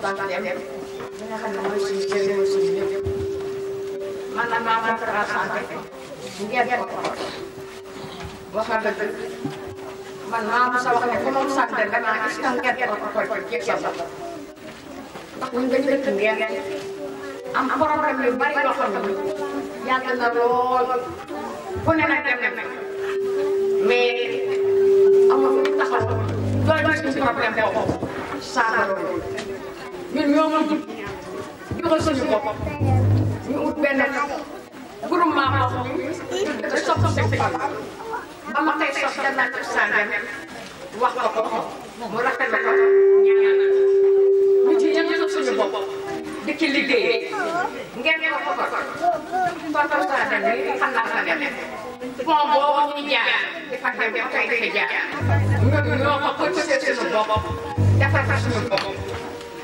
spontan dem li nga xam ñun ñoo mën ko jógal suñu bopp ñu ut benn groupement boo xam ne ñu dëkk sopp suñu ba ma koy sopp dem naa ci sàngam wax ko ko mu rafet ko ñaanal ñu ci ñëpp suñu bopp di ci liggéey ngeen ko ko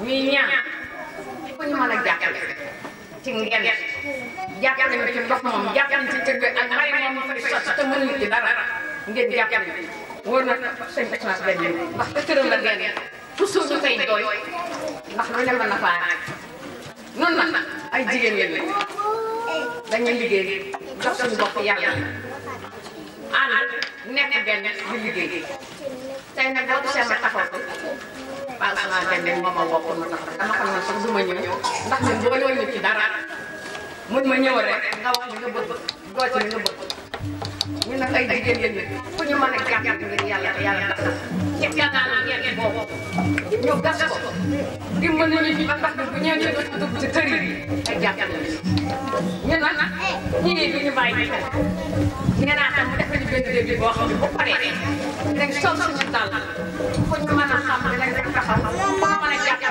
ñuy ñaan fu ñu mën a jàppale ci ngeen jàppale ñu ci ndox moom jàppale ci tëgg ak may moom fay sos te mënuñu ci dara ngeen jàppale wóor na seen personnage la ñu ndax te tëral mën na faa nag ay jigéen lañ lañ dañu liggéey jox suñu bopp yàlla ànd nekk benn di liggéey tey nag boo gisee ma taxaw antenne bi moom moo bokkoon ma tax rek dama ko noonu sax du ma ñëw ndax man boolewul ñu ci dara mun ma ñëw rek nga wax li nga bëgg doo ci li nga bëgg ñu nag ay jigéen yéen ñi fu ñu mën a gàtt ngir yàlla te yàlla tax ci gànnaaw ngeen boobu ñu gas ko dimbali ñu ci ba ndax bu ñëwee ñu dugg ci kër yi ay jàpp ñu nag ñii bi ñu bàyyi xel nee naa tam mu defal ñu benn déglu boo xam ne bu paree dañ sol suñu dàll fu ñu mën a xam dinañ taxaw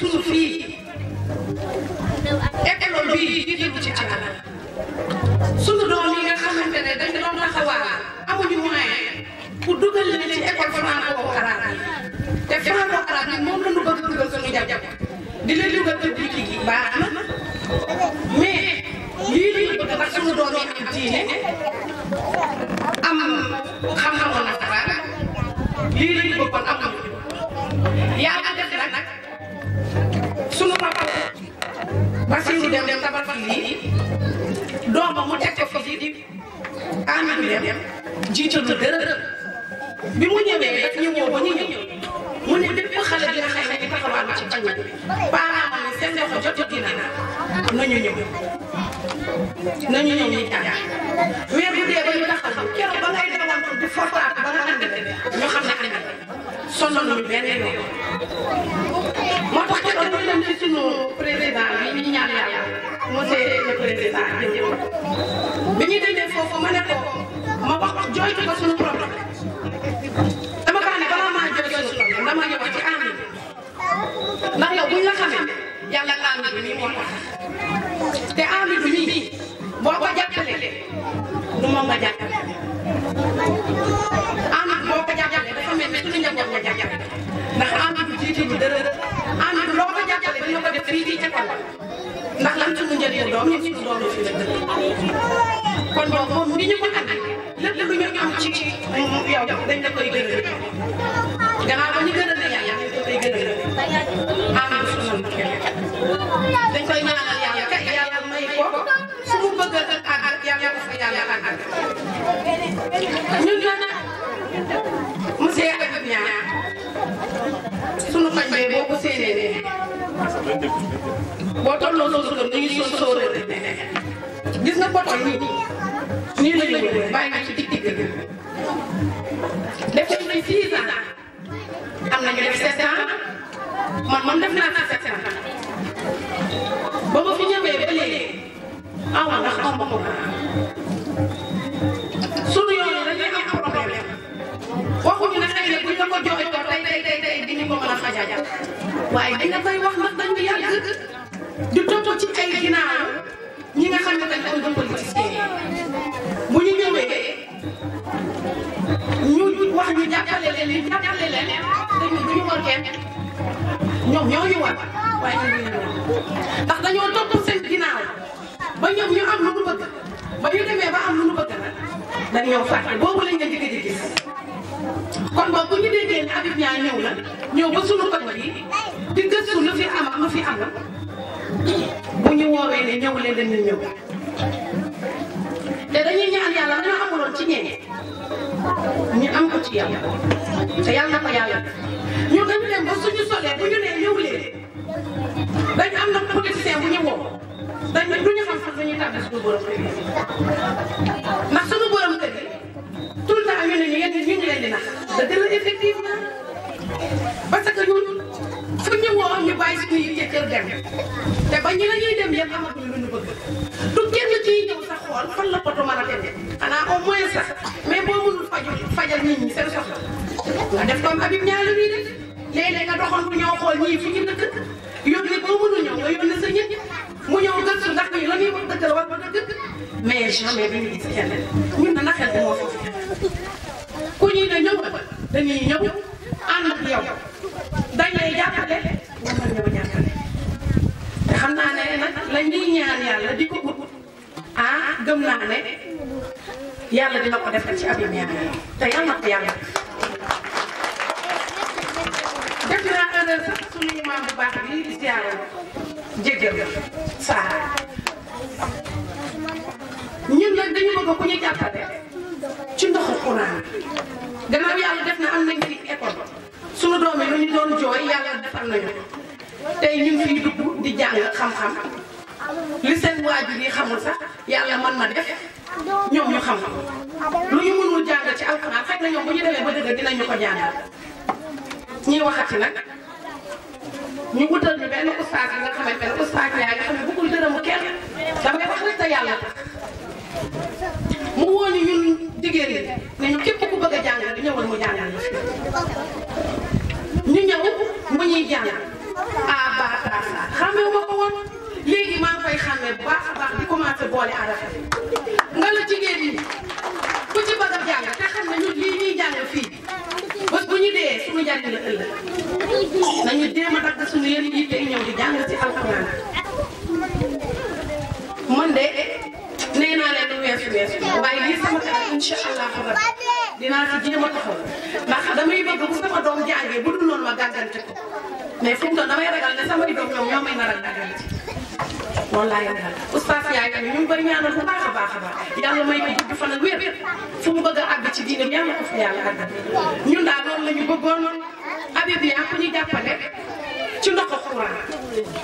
sunu fii école bii jiitalu ci alal sunu doom yi nga xamante ne dañu doon taxawaal amuñu moyen pour dugal leen ci école franco-arabe yi te franco-arabe yi moom lii lii am diine am xam Bassirou dem dem tabax lii doomam mu teg ko fii di Amady dem jiital ko dërër bi mu ñëwee daf ñëwoo ba ñu ñëw mu ne bépp xale bi nga xam ne taxawaalu ci kañ bi paaraama ne seen loxo jot jot dina nañu ñëw nañu ñëw ñu jàng weer bu dee ba ñu taxaw keroog ba ngay dawantu di fortaat ba nga ànd ñu xam ne ànd sonn nañu benn yoon moo tax président bi ñëw bi ñu demee foofu ma ne ko ma wax jooytu ko suñu problème dama kaa ne balaa maa jooy suñu problème dama ñëw ci ànd ndax yow buñ la xamee yàlla bi nii moo ko jàppalee du moom nga jàppale ànd boo ko jàppalee dafa mel ni suñu njaboot nga jàppale ndax ànd ko jàppalee dina cëri doom yi suñu doom yi fi la dëkk kon boog moom ni ñu ko ànd lépp lu ñu am ci yow dañ la koy gërëm gannaaw ba ñu gërëm ne yàlla dañ boo tolloo soo soo dañuy soo soo gis nga boto yi nii la ñu wëree bàyyi naa ci digg digg bi def nañ six ans am nañu def sept ans man man def naa sax sept ans ba ma fi ñëwee ba léegi aw ma ndax aw ma ko sunu yoon dañuy am problème waxuñu ne xëy na buñ la ko joxee ko tey tey tey tey di ñu ko mën a xajaajal waaye dañ la koy wax nag ñeene ñu am ko ci yow te yàlla na ko yàlla ñu gën dem ba suñu solee bu ñu nee ñëw leen dañu am na politicien bu ñu woo dañu duñu xam sax dañuy tàggat suñu borom kër yi ndax suñu borom kër yi tout le temps ñu ne ñu yéen ñu ngi leen di nax da dëgg effectivement parce que ñun fu ñu woo ñu bàyyi suñu yitte kër dem te ba ñu la ñuy dem yëpp amatuñu lu ñu bëgg xool fan la poto mën a demee xanaa au moins sax mais boo mënul faju fajal nit ñi seen soxla nga def comme Habib ñaari bii de léeg-léeg nga doxoon bu ñëw xool ñii fi ñu dëkk yónni boo mënul ñëw nga yónni sa ñëpp ba dëgg mais jamais dañuy gis kenn ñun na naxel bi moo foofu ku ñuy ne ñëw dañuy ñëw ànd na yàlla di ko ah gëm naa ne yàlla dina ko defal ci abim yaa te yàlla na ko yàlla def naa erreur sax maam bu baax lii di siyaare jégal saara ñun nag dañu bëgg ku ñu jàppale ci ndoxu courant gannaaw yàlla def na am nañ fi école suñu doom yi lu ñu doon jooy yàlla defal nañu tey ñun fii dugg di jàng xam-xam li seen waajur yi xamul sax yàlla man ma def ñoom ñu xam lu ñu mënul jàng ci alxuraan xëy na ñoom bu ñu demee ba dëgg dinañ ko jàngal ñuy waxati nag ñu wutal ñu benn ustaas yi nga xamante ne nga xam ne bëggul dërëmu kenn mu woo ñu ñun jigéen ñi ne ñu képp bëgg a jàngal di ñëwal mu jàngal ñu ñëw mu ñuy jàng ah baax naa xamee ma ko woon. léegi maa ngi koy xàmmee bu baax baax di commencé boole arafat nga la jigéen ñi ku ci bëgg a jàng te xam ne ñun lii ñuy jàng fii bés bu ñu dee suñu jàng la ëllëg nañu jéem a dagg suñu yéen yi tey ñëw di jàng ci alxuraan man de nee naa leen lu weesu weesu waaye lii sama kanam incha allah rabbi dinaa ci jéem a taxaw ndax damay bëgg bu sama doom jàngee bu dul noonu ma gàggante ko mais fu mu toll damay ragal ne samay doom ñoom ñoo may nar a loolu laa leen waxal oustaz yaay tamit ñu ngi koy ñaanal bu baax a baax a baax yàlla may ko gudd fan ak wér fu mu bëgg a àgg ci diine yàlla ko fi loolu la ñu bëggoon a yaa ku ñu jàppale ci ndox courant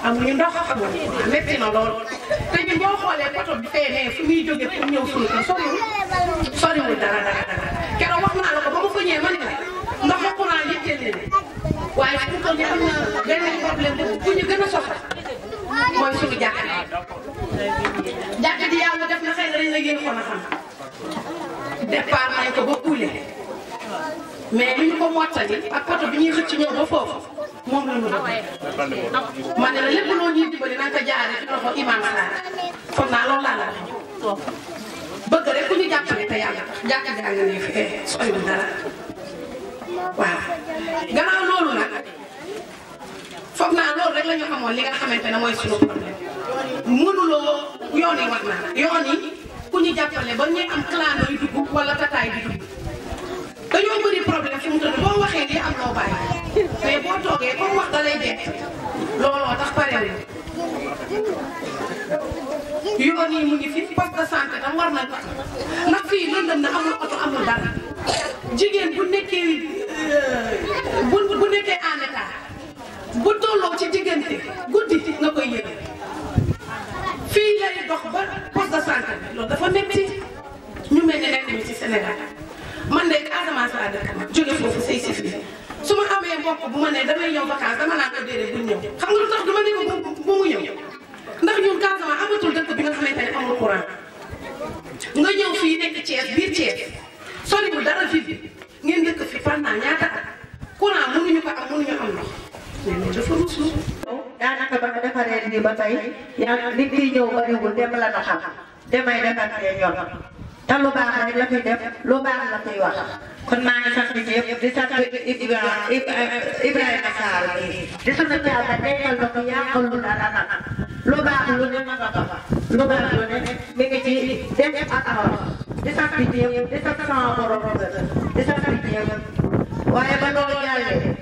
amuñu ndox a métti na lool te ñun boo xoolee poto bi fee nee fu muy a pour ñëw suñu ko soriwul soriwul dara dara dara keroog wax naa la ko ba ma ko ñëwee ma ne ñu am problème bu ñu gën a soxla mooy suñu jàkka jàkka ji yàlla def na xëy na dañ la gën a xam départ nañ ko ba Poulé mais li ñu ko mottali ak poto bi ñuy xëcc ñëw ba foofu moom la ñu doon ma ne la lépp loo ñuy dimbali na nga ko jaaree ci loxo Imam Sarr foog naa loolu laa la wax bëgg rek ku ñu jàppale te yàlla tax jàkka jàng ne fi eh, sooy bu dara waaw gannaaw loolu nag. foog naa loolu rek la ñu xamoon li nga xamante ne mooy suñu problème mënuloo yoon yi war naa yoon yi ku ñu jàppale ba ñuy am clando yu dugg wala dañoo bëri problème fi mu toll boo waxee lii am noo bàyyi mais boo toogee comme wax da lay looloo tax parewul yoon yi mu ngi fi poste de santé war na ndax fii lëndëm na amul oto amul dara jigéen bu nekkee euh, bu nekkee en bu tolloo ci diggante guddi nga koy yëngu fii lay dox ba poste de santé loolu dafa métti ñu mel ni nekk ñu ci Sénégal man de Casamance laa dëkk jóge foofu say si fii su ma amee mbokk bu ma ne damay ñëw vacance dama naan ko déedéet buñ ñëw xam nga lu tax dama ne mu ñëw ndax ñun Casamance amatul dëkk bi nga xamante ne amul courant nga ñëw fii nekk Thiès biir Thiès soriwul dara fii ngeen dëkk fi pendant ñaata at courant mënuñu ko am mënuñu am ndox. loolu dafa rusu daanaka ba nga defaree nii ba tey yaa nit kiy ñëw bariwul dem la na xam demay defantee ñor te lu baax rek fi def kon maa ngi sant ñëpp di sant Ibrahima Sarr bi di sant yàlla nekkal na ko yàqal lu dara nag lu baax lu ne ma lu baax lu ne mi ngi ci dem ak awar di sant ñëpp di sant sama borom di sant ñëpp waaye ba loolu jàllee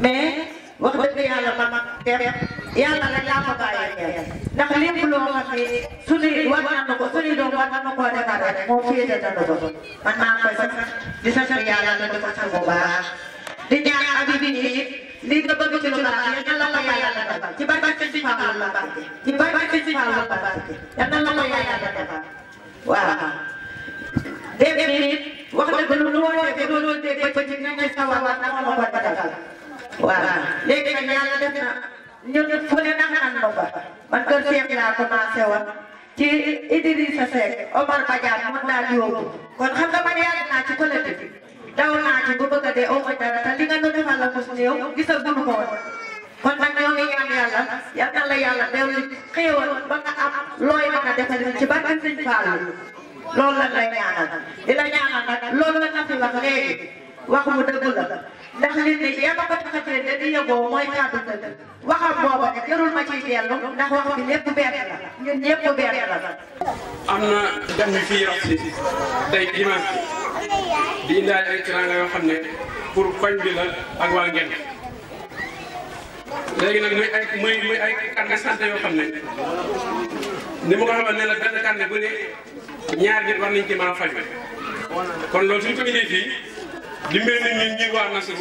mais wax na ko suñu doom war di waaw léegi nag yàlla def na ñun fu ne nag ànd ba man kër Cheikh laa commencé woon ci Idrissa Seck Omar Badiane mën naa yóbbu kon xam nga man yàgg naa ci collectif daw naa ci bu bëgg a dee oo dara te li nga nu defal la mos néew gisal dund ko woon kon nag ñoo ngi ñaan yàlla yal nit ñi yéen a ko tax a teel te di yëgoo mooy kàddu dëgg waxam booba ne jarul ma ciy dellu ndax wax bi lépp benn la ñun ñëpp benn la. am na gan yu fi yàq si tey dimanche di indaale ay teranga yoo xam ne pour koñ bi la ak waa ngeen léegi nag muy ay muy muy ay carnet santé yoo xam ne ni mu ko xamal ne la benn carnet bu ne ñaar nit war nañ ci mën a faj kon loolu suñ ko indee fii dimbali nit ñi ñi waa Nasru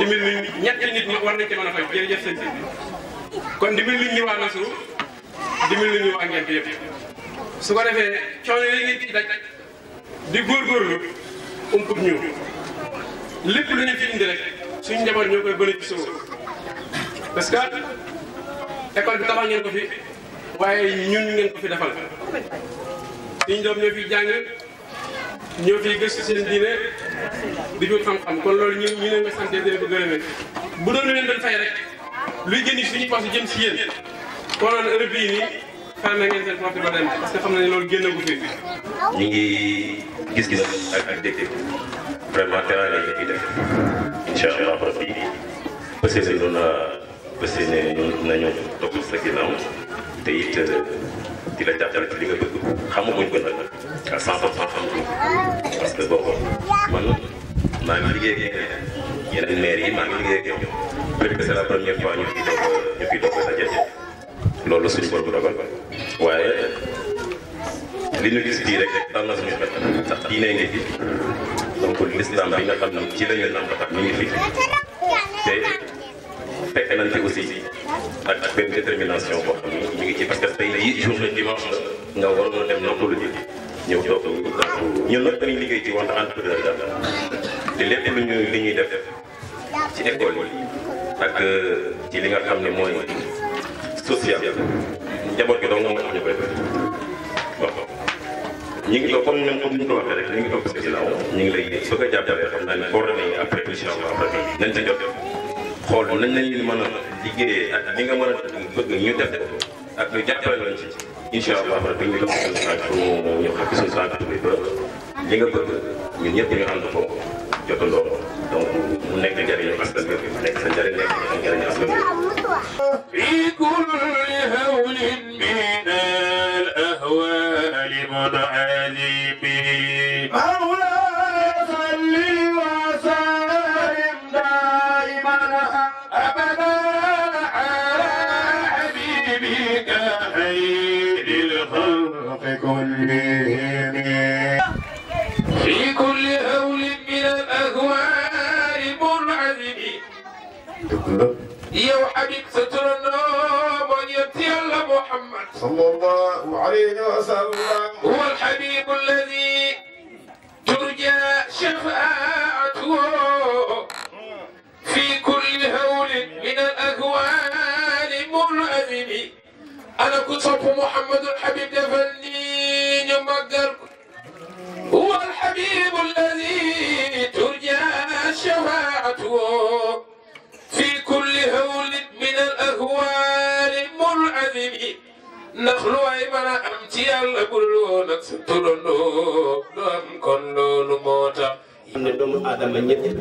dimbali nit ñetti nit war nañ ci mën a fay jërëjëf sëñ bi kon dimbali nit ñi na Nasru dimbali nit ñi waa Ngent yëpp su ko defee coono yi ngeen ciy daj di góorgóorlu umput ñu lépp lu ñu fi indi rek suñ njaboot ñoo koy bëri ci suuf parce que école bi tabax ngeen ko fi waaye ñun ngeen ko fi defal suñu doom ñoo fi jàng. ñoo fiy gëstu seen diine di ñu xam-xam kon loolu ñu ñu leen nga sant dina ko bu doon leen doon fay rek luy génn suñu pass jëm si yéen konoon heure bii nii xaar na ngeen seen porte ba dem parce que xam nañ loolu génn ko fi. ñu ngi gis-gis ak ak dégg vraiment terrain la ñuy def incha allah rabbi parce que noonu la parce que ne ñun nañu topp sa ginnaaw te it. Euh, di la jàppale ci li nga bëgg xamaguñ ko nag à cent pour cent xamaguñ ko parce que boo ko man maa ngi liggéey ak yeneen maire yi maa ngi liggéey ak ñoom peut-être que c'est la première fois ñu fi doog ñu fi doog daje loolu suñu bor bu waaye li ñu gis fii rek am na suñu xel ndax diine ngi fi donc l'islam bi nga xam ne ci la ñu nambatal mi ngi fi te fekk nañ ak ak benn détermination boo ñu ngi ci parce que tey le dimanche la nga waroon a dem noppalu ji ñëw toog ñun nag liggéey ci wante entrepreneur la te lépp lu ñu li ñuy def ci école yi ak euh, ci li nga xam ne mooy social njaboot gi dong a ñu koy def ñu ngi toog comme ñoom comme ni ñu ko waxee rek ñu ngi toog sa ginnaaw ñu ngi lay bëgg a jàppale xam naa ne coordonnées yi après incha allah après nañ ci jot xool nañ la ñuy mën a liggéeyee ak li nga mën a bëgg ñu def ko ak ñu jàppale lañ ci incha allah rabbi ñu def suñu tànk pour ñu xëpp suñu tànk bi ba li nga bëgg ñun ñëpp ñu ànd ko jotandoo donc mu nekk njëriñu askan bi nekk sa njëriñ nekk njëriñu askan bi صلى الله عليه وسلم هو الحبيب الذي ترجى شفاعته في كل هول من الأهوال منعزم أنا كنت صف محمد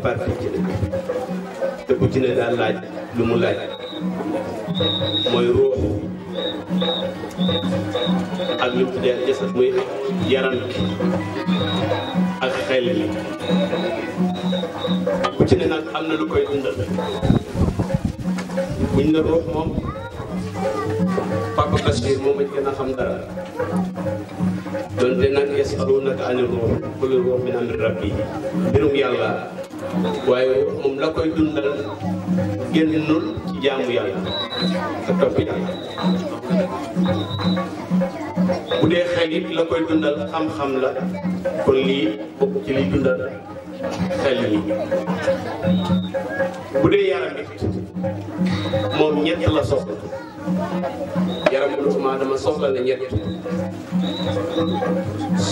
par fii ci dëkk te bu ci ne daal laaj lu mu laaj mooy ruux ak ñu tuddee jasad muy yaram ki ak xel yi bu ci ne nag am na lu koy dundal buñ ne ruux moom Papa Bachir moom a gën a xam dara donte nag yasalunaka ani ruux kulul wax mi ànd rabbi mbirum yàlla waaye moom la koy dundal génnul ci jaamu yàlla ak bu dee xel it la koy dundal xam-xam la kon lii bokk ci liy dundal xel yi bu dee yaram it moom ñett la soxla yaramu doomu aadama soxla na ñett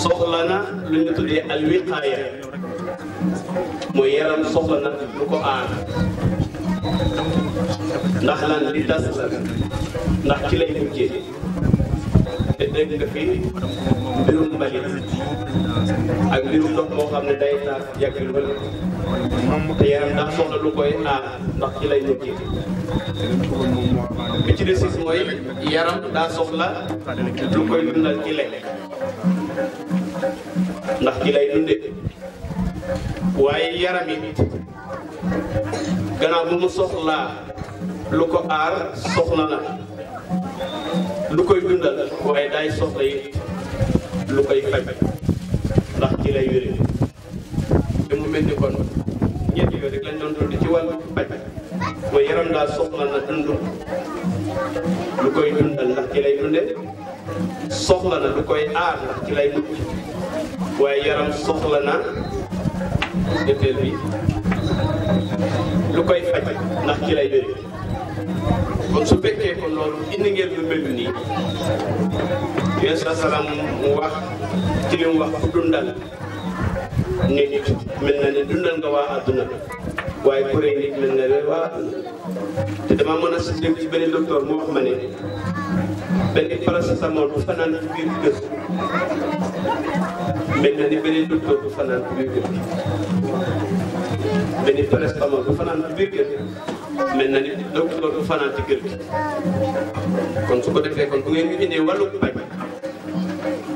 soxla na lu ñu tuddee alwiqaaya mooy yaram soxla na lu ko aar ndax lan li tas ndax ci lay mujjee dégg nga fi mbirum mbalit ak mbirum ndox moo xam ne day taas yàgg lu bëri te yaram ndax soxla lu koy aar ndax ci lay mujj bi ci des mooy yaram daa soxla lu koy dundal ci lekk ndax ci lay dundee waaye yaram it bu mu soxlaa lu ko aar soxla na. lu koy dundal waaye daay soxla it lu koy faj ndax ci lay wéré te mu mel ni kon ñetti yooyu rek lañ doon dund ci wàllu faj mooy yaram daa soxla na koy dundal ndax ci koy aar ndax waaye yaram soxla na ñetteel bi lu koy faj ndax ci lay wéré kon su fekkee ko loolu indi ngeen lu mel nii yéen sa salaam mu wax ci li mu wax ku dundal nit mel na ne dundal nga waa àdduna bi waaye ku rey nit mel na ne waa àdduna te dama mën a dégg ci benn docteur mu wax ma benn paracetamol bu fanaan ci biir kër mel na ni benn docteur bu fanaan ci biir kër benn paracetamol bu fanaan ci biir kër mel na ni docteur du fanaan ci kon su ko defee kon bu ngeen ñu indee wàllu paj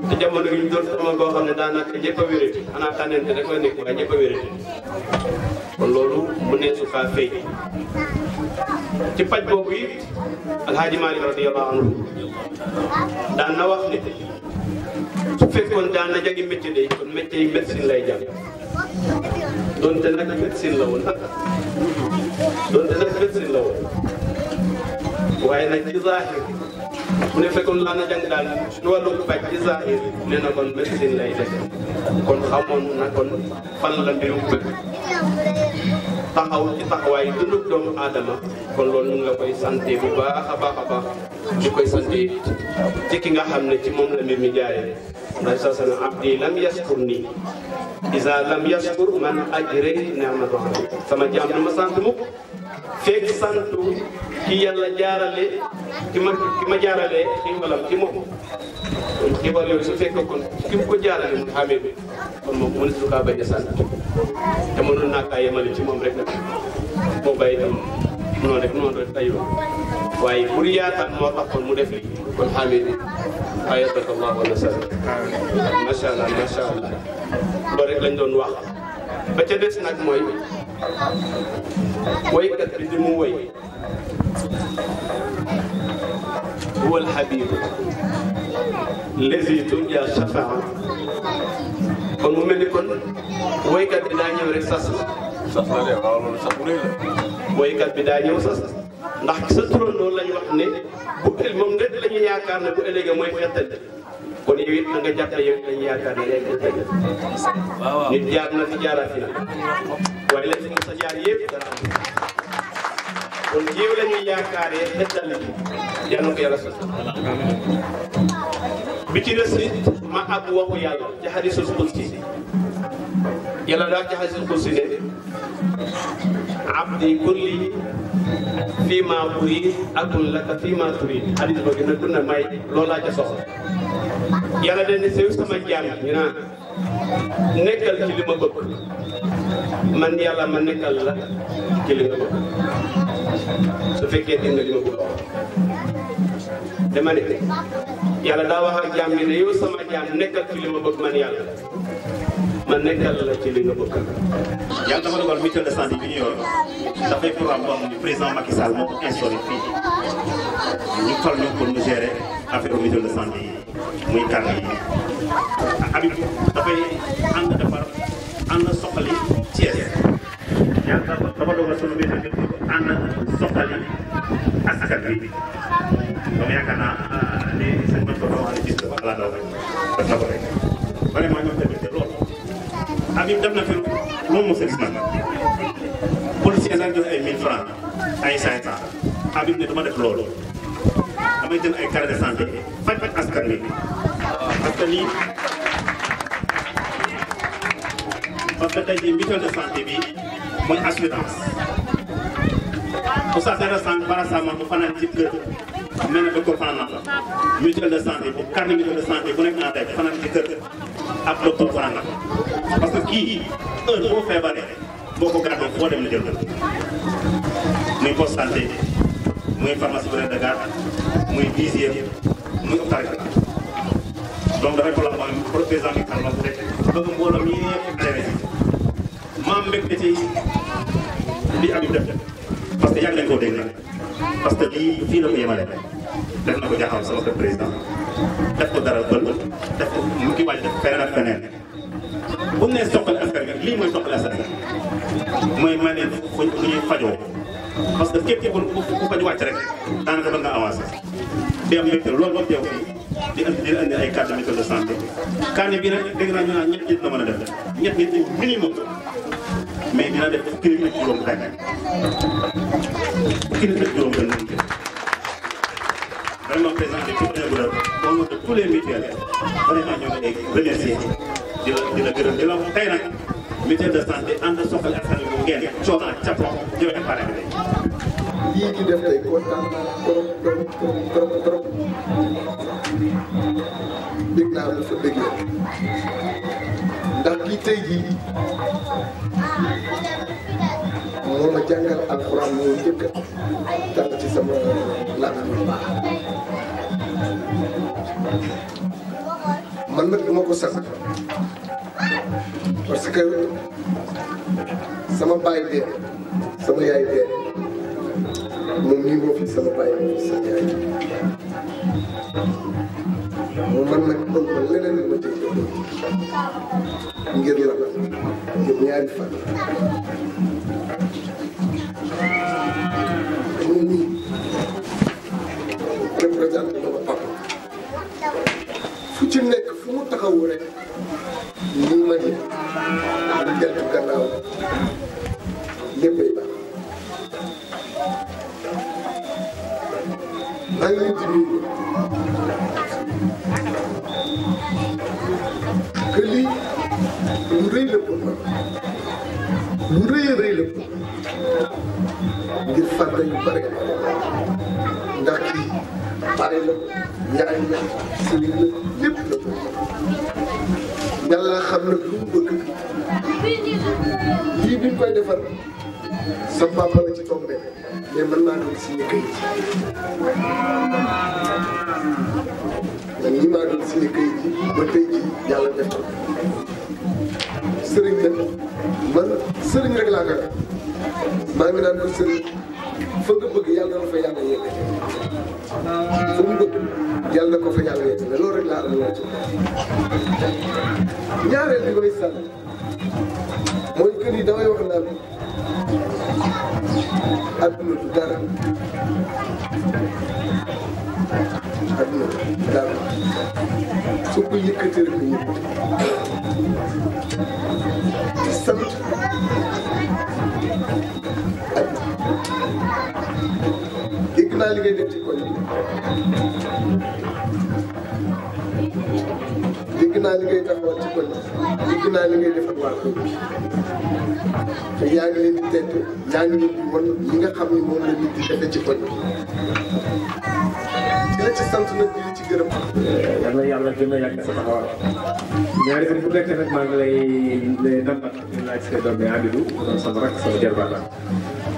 te jamono gi ñu doon sama boo xam ne daanaka ñëpp a wérati xanaa tànnante kon loolu mu ne su kaa fay ci paj daan na wax ne su fekkoon daan na jagi métier de kon métier yi médecine lay jàng doonte nag médecine la woon donte nag bésin la woon waaye nag ci zahir bu ne fekkoon laa na jàng daal ci wàllu paj ci zahir nee na kon médecine lay kon xamoon na kon fan la mbirum bëgg taxaw ci taxawaay dundu doomu aadama kon loolu ñu ngi la koy santé bu baax a baax a ñu koy sant ci ki nga xam ne ci moom la mbir mi jaaree ndax saa sana abdi lam yaskur nii isa lam yaskur man ajre ni'matu sama jaam du ma sant mukk fekk santu ki yàlla jaarale ki ma ki ma jaarale xiiwalam ci moom kon xiiwal yooyu su fekk kon ki mu ko jaarale mu xamee kon moom mënut su kaa bañ a sant te mënoon naa kaa yemale ci moom rek moo bàyyi itam noonu noonu rek tayoo waaye bur yaatal moo taxoon mu def li kon xamee ni ayyadak allah wa nasara macha allah macha allah loolu rek lañ doon wax ba ca des nag mooy woykat bi di mu woy huwa alxabibu lesi tuja shafaa kon mu mel ni kon woykat bi daa ñëw rek sas la sas la de waaw loolu sax bu rëy la woykat bi daa ñëw sas ndax sa turandoo lañ wax ne bu ëllëg moom rek la yaakaar ne bu ëllëgee mooy xettal kon yow it na nga jàpp ne yow yaakaar ne yaay xettal nit jaar na fi jaaraat fi ci mos a jaar yëpp yàlla sos bi ci des it ma àgg waxu yàlla ci hadiisul yàlla daa ci xasil ko si ne abdi kulli fii maa uri akun laka fii maa turi hadis ba gën a dund may loolu laa ca soxla yàlla ne sew sama jaam ñu naan nekkal ci ma bëgg man yàlla ma nekkal la ci li nga bëgg su fekkee dégg nga li daa wax ak jaam bi ne yow sama jaam nekkal ci man yàlla ma nekkal la ci li nga bëgg. yàlla dafa dogal mutuelle de santé bi ñu yor dafay programme boo xam ne président Macky moo ko instauré fii ñu fal ñu pour mu gérer affaire mutuelle de santé yi muy kàddu yi. Habib dafay ànd defar ànd soxali Thiès yàlla dafa dogal sunu mutuelle bi ànd soxali askan bi donc yaakaar naa ah, ne sëñ Mansour Fawane gis nga ko ala daw rek def na ko rek vraiment ñoom Habib def na fi moom mos a gis nag policier daal joxe ay 1000 francs ay 500 Habib ne duma def loolu damay jël ay carte de santé faj faj askan wi parce que lii parce que tey jii mutuelle de santé bi mooy assurance bu saasee rek sànq bara sàmmoon bu fanaan ci kër mel na ba ko fanaan la mutuelle de santé bu carte mutuelle de santé bu nekk naa tey fanaan ci kër ak docteur Faranga parce que kii heure boo feebaree boo ko gàddoo foo dem la jël muy poste santé muy pharmacie bu de garde muy dixième muy hôpital donc dafay problème mooy président bi xarala bu nekk bëgg mbooloo mi yëpp adhéré si maam mbégte ci li Habib def parce que yàgg nañ koo dégg parce que lii fii la ko yemale def na ko jaaxal sama président def ko dara bël def ko mu ngi waaj def feneen ak feneen bu mu nee soxla askan bi lii mooy soxla askan bi mooy ma ne fu ñuy fajoo parce que képp képp ku faj wàcc rek daanaka ba nga avancé di am mbégte loolu ba teew di di andi ay carte mutuelle de santé kaane bi nag dégg naa nom de tous les mutuelles vraiment ñoo di la di gërëm di la wax tey nag mutuelle de santé ànd soxla ak santé bi di def tey kontaan trop trop trop trop trop dégg naa lu fa dégg ndax kii tey jii moo ma jàngal alxuraan moo njëkk tal ci sama man nag du ma ko sant parce que sama baay dee sama yaay dee moom nii moo fi sama baay moo fi sama yaay moom man nag kon man leneen la ma tey ngir la ngir ñaari fan sëriñ la lépp la yàlla xam na lu bëgg lii bi ñu koy defar sa papa la ci tombé mais mën naa doon signé këyit man ñi maa doon signé këyit ji ba tey ji yàlla def ko sëriñ sëriñ rek laa koy maa ngi ko sëriñ fa nga bëgg yàlla na fa yàlla yegg fu mu bëgg yàlla na ko fa yàlla yegg loolu rek laa am loo ci ñaareel koy sànni mooy kër yi damay wax naan adduna du dara adduna du dara su ko yëkkatee rek ñu sant. daal liggéey dem ci koñ bi dégg naa li ngay taxawal ci koñ bi dégg naa li ngay defal wàll te yaa ngi leen di tedd yaa ngi leen di mën li nga xam ne moom la nit di defe ci koñ bi di la ci sant nag di la ci gërëm. yàlla yàlla gën a yàgg sa taxawal ñaari at bu nekk nag maa ngi lay lay nambat di laaj sa doom bi Abidou sama rak sama jarbaat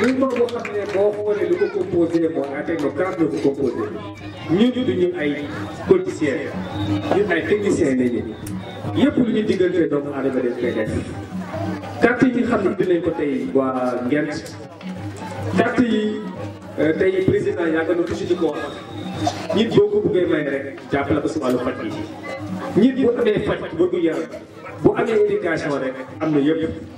mouvement boo xam ne boo xoolee lu ko composé mooy ay technocrate ñoo ko composé ñun ñu duñu ay politiciens yëpp lu ñu diggante doomu aadama dañ koy def carte yi xam ne dinañ ko tey waa Ngent carte yi euh, tey président yàgg na toujours di ko boo ko bëggee may rek jàppale ko si wàllu faj yi nit bu amee faj bëggu yaram bu amee éducation rek am na yëpp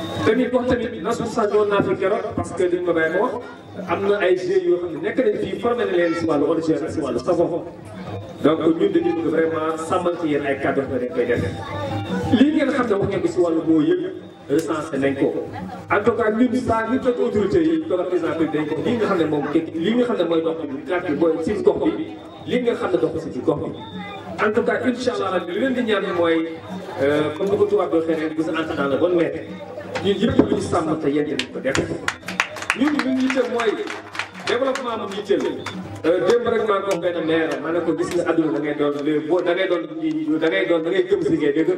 te muy wax tamit nasu sañoon naa fi keroog parce que liñ ma bàyyi ma wax am na ay GIE yoo xam ne nekk nañ fii formé na leen si wàllu ONG si wàllu savon donc ñun dañu bëgg vraiment sàmmal ci yéen ay cadre nga ko si wàllu moo yëpp recensé nañ ko en tout cas ñun saa ñu toog autorité ko lii nga xam ne moom képp lii nga xam ne mooy dox bi carte booy si gox bi lii nga xam ne dox si gox bi en tout cas incha allah li leen di ñaan mooy euh, comme ni ko tubaab bi waxee rek vous entrez dans la bonne voie ñun yëpp lu ñu sàmm te yéen ko def ñun ñun yitte mooy développement moom yitteel euh, démb rek maa ko benn maire da ngay doon léegi boo da ngay doon da ngay doon da si ngay dëgg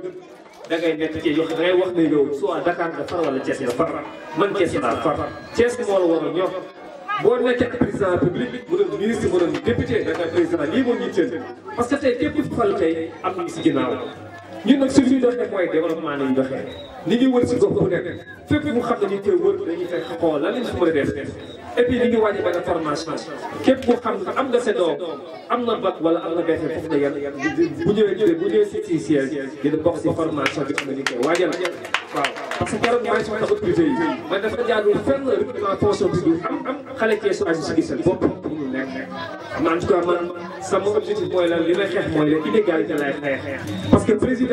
da ngay ci yox da wax ne yow soit Dakar nga far wala Thiès nga far man Thiès laa far Thiès moo la war a ñor boo nekkee président public mu doon ministre mu doon député da ngay président lii moom yitteel parce que tey képp fal tey am na si ginnaaw ñun nag suñu doxee mooy développement lañu doxee li ngi wër si gox bu nekk fépp mu xam ne ñu koy wër dañuy fekk xool lan lañ si mën a def et puis li ngi wàññi benn formation képp ku xam ne am nga sa doom am na bac wala am na benn foofu na yan bu ñëwee bu ñëwee si si siège dina bokk si formation bi am na ñu koy waajal waaw parce que keroog maa ngi soxla ko privé yi man dafa jaadu fenn recrutement fonction publique am am xale kee su aju si gisal bopp pour mu nekk man en tout cas man sama objectif mooy lan li may xeex mooy la inégalité lay xeex parce que président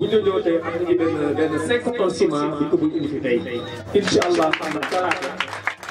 bu ñu jootee am nañu benn benn cinq tonnes ciment bi ko bëgg indi fi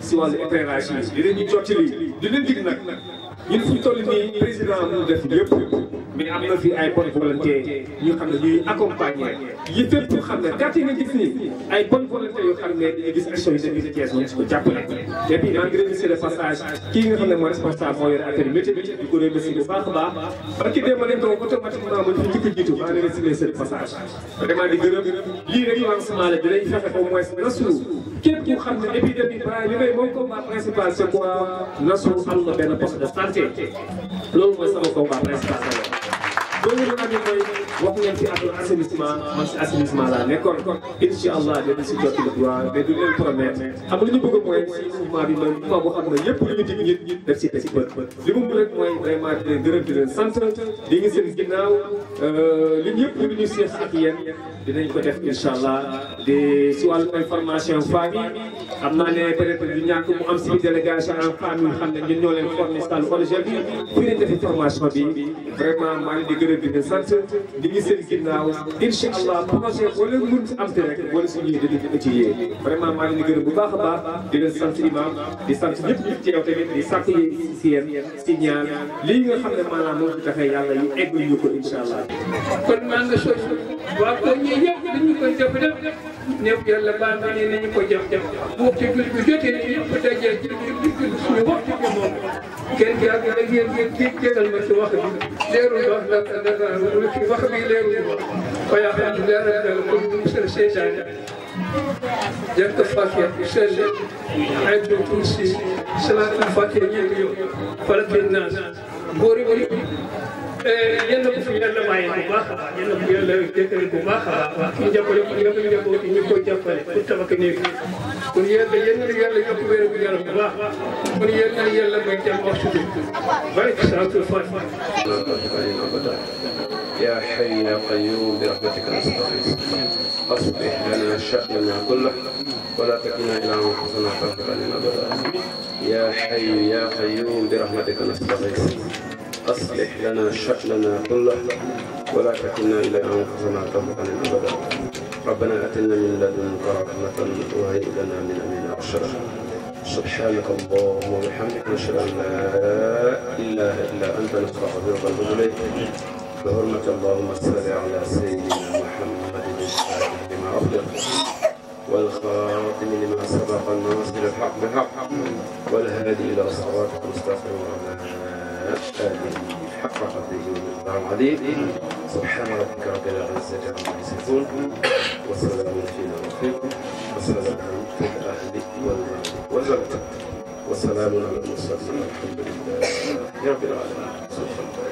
si wàllu éclairage yi dinañu jottali dina dig nag ñun fu ñu toll nii président mu def yëpp mais am na fi ay bonne ñu xam ne ñuy gis nii ay bonne volonté yoo xam ne ko jàppale. et puis maa ngi remercier de passage kii nga xam ne mooy responsable moo yore affaire métier bi di ko remercier bu baax a baax parce que dee ma leen doon automatiquement ma ñu njëkk a jiitu maa ngi remercier seen passage. vraiment di gërëm lii rek lancement la dinañ fexe au moins nasu. képp ku xam ne épidémie ba li may mooy combat principal c'est quoi nasu am na benn poste de santé loolu mooy sama combat principal premier bi amee mooy wax ngeen fi affaire assainissement man si assainissement laa nekkoon kon incha allah dinañ si jot lu waa mais du leen promettre xam nga li ñu bëgg mooy si mouvement bi man fa boo xam ne yëpp lu ñu dig nit ñi def si teg bët li mu mën rek mooy vraiment di leen gërëm di leen sant di ngi seen ginnaaw euh, li ñëpp lu ñu seex ak yéen dinañ ko def incha allah di si wàllu information femmes yi xam naa ne peut être du ñàkk mu am si biir délégation en femmes yi xam ne ñun ñoo leen former salle ONG bi fi leen defee formation bi vraiment maa ngi di gërëm bi de sant ñu ngi seen ginnaaw incha allah projet boo leen mën ci a sant imam di sant ñëpp ñëpp lii nga xam ne maanaam moo fi taxee yu egg ñu ko incha allah. ñu koy def def ñëpp yàlla baal ma ne nañu ko jëm jëm bu waxtu julli bi jotee ñu ñëpp dajee jël ñu suñu waxtu bi moom kenn gi ak nag yéen ngeen kii jégal ma ci wax bi leerul wax da da ci wax bi leerul wax ko yaa xam leeral dal ko ñu musal seytaane jàng fatiha bu sell ayatul kursi salaatul fatiha ñeenti yoon falakin naas boori boori يا حي يا قيوم برحمتك نستغيث أصبح لنا شاننا كله ولا تكلنا الى انفسنا طرفه عين ابدا يا حي يا قيوم برحمتك نستغيث أصلح لنا شأننا كله ولا تكلنا إلى أنفسنا طرفة أبدا ربنا آتنا من لدنك رحمة وهيئ لنا من أمرنا رشدا سبحانك اللهم وبحمدك نشهد أن لا إله إلا أنت نستغفرك ونتوب إليك بحرمة اللهم صل على سيدنا محمد الفاتح بما أفضل والخاتم لما سبق الناصر الحق بالحق والهادي إلى صراطك المستقيم بالحق وقدره والمقدار سبحان ربك رب العزة عما يصفون وسلام في المرفق وسلام في الأهل والمال وسلام على المرسلين والحمد لله رب العالمين